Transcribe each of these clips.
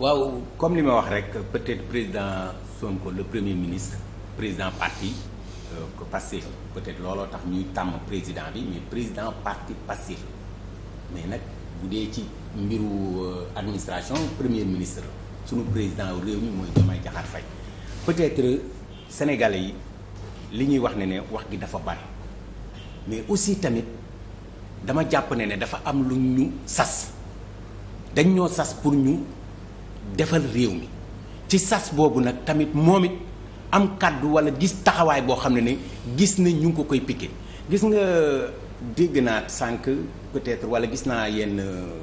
waaw comme li ma wax rek peut-être président Sonko le premier ministre président parti euh, passif peut-être looloo tax ñuy tàmm président bi mais président parti passif mais nag bu dee ci mbiru euh, administration premier ministre sunu président réew mi mooy Diomaye Diakhar Faye peut-être euh, sénégalais yi li ñuy wax ne ne wax gi dafa bari mais aussi tamit dama jàpp ne ne dafa am lu ñu sas dañ ñoo sas pour ñu defal réew mi ci sas boobu nag tamit moom it am kàddu wala gis taxawaay boo xam ne ni gis na ñu ngi ko koy piqué gis nga dégg naa sànq peut-être wala gis naa yenn euh,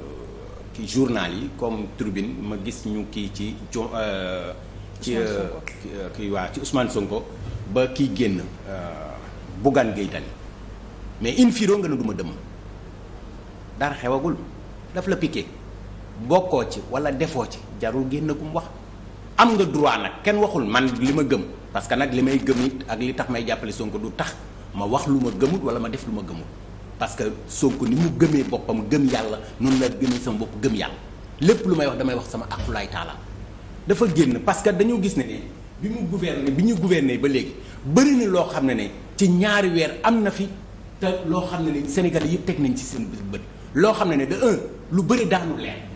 ki journal yi comme Tribune ma gis ñu kii ci jo euh, ci euh, kii waa ci Ousmane Sonko ba kii génn Bougane Gueye Dany mais in firo nga ne du ma dëmm dara xewagul daf la piqué bokkoo ci wala defoo ci jarul génn ku mu wax am nga droit nag kenn waxul man li ma gëm parce que nag li may gëm it ak li tax may jàppale sonk du tax ma wax lu ma gëmut wala ma def lu ma gëmut parce que Sonko ni mu gëmee boppam gëm yàlla noonu la gëmee sama bopp gëm yàlla lépp lu may wax damay wax sama akulaay taala dafa génn parce que dañoo gis ne ne bi mu gouverner bi ñu gouverner ba léegi bëri na loo xam ne ne ci ñaari weer am na fi te loo xam ne ne Sénégal yëpp teg nañ ci seen bët loo xam ne ne de lu bëri daanu leer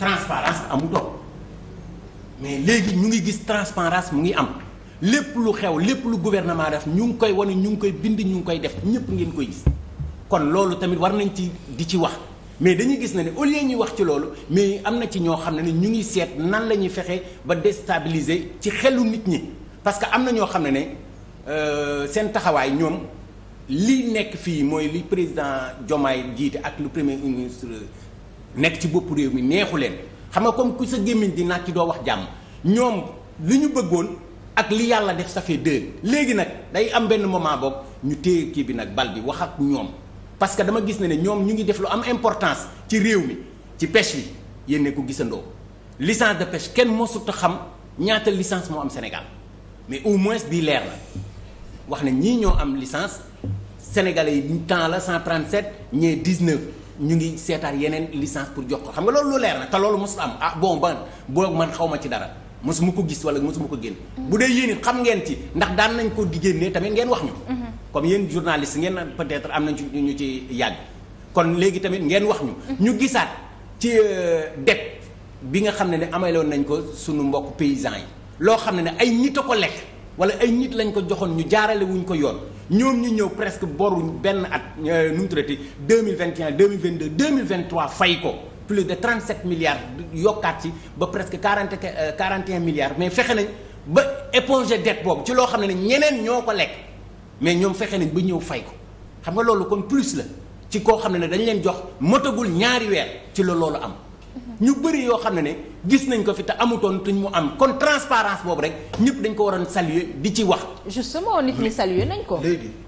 transparence amu doon mais léegi ñu ngi gis transparence mu ngi am lépp lu xew lépp lu gouvernement def ñu ngi koy wane ñu ngi koy bind ñu ngi koy def ñëpp ngeen koy gis kon loolu tamit war nañ ci di ci wax mais dañuy gis na ne au lieu ñuy wax ci loolu mais am na ci ñoo xam ne ne ñu ngi seet nan la ñuy fexe ba déstabiliser ci xelu nit ñi parce que am na ñoo xam ne ne euh, seen taxawaay ñoom li nekk fii mooy li président Diomaye jiite ak le premier ministre nekk ci boppu réew mi neexu leen xam nga comme ku sa gémmiñ di nàcc doo wax jàmm ñoom li ñu bëggoon ak li yàlla def ça fait deux léegi nag day am benn moment boog ñu téye kii bi nag bal bi wax ak ñoom parce que dama gis na ne ñoom ñu ngi def lu am importance ci réew mi ci pêche bi yéen ko gisandoo licence de pêche kenn mosut xam ñaata licence moo am Sénégal mais au moins bii leer na wax ne ñii ñoo am licence sénégalais yi temps la 137 ñee 19. ñu ngi seetaat yeneen licence pour jox ko xam nga loolu lu leer na te loolu mosul am ah bon ba boo man xaw ma ci dara mosuma ko gis wala mosuma ko génn. Mm-hmm. bu dee yéen xam ngeen ci ndax daal nañ ko di génnee tamit ngeen wax ñu. Mm-hmm. comme yéen journaliste ngeen peut-être am nañ ci ñu ci yàgg. kon léegi tamit ngeen wax ñu. Mm-hmm. ñu gisaat ci euh, det bi nga xam ne ne amaloon nañ ko sunu mbokk paysans yi. loo xam ne ne ay nit a ko lekk wala ay nit lañ ko joxoon ñu jaarale wuñ ko yoon. ñoom ñu ñëw presque boru benn at euh, nu mu deux mille vingt et un deux mille vingt deux deux mille vingt trois fay ko plus de trente sept milliards yokkaat ci ba presque quarante euh, quarante et un milliards mais fexe nañ ba éponger dette boobu ci loo xam ne na ñeneen ñoo ko lekk mais ñoom fexe nañ ba ñëw fay ko xam nga loolu kon plus la ci koo xam ne dañ leen jox motagul ñaari weer ci la loolu am. ñu bëri yoo xam ne ne gis nañ ko fi te amutoon tuñ mu am kon transparence boobu rek ñëpp dañ ko waroon saluer di ci wax. justement nit ñi saluer nañ ko. léegi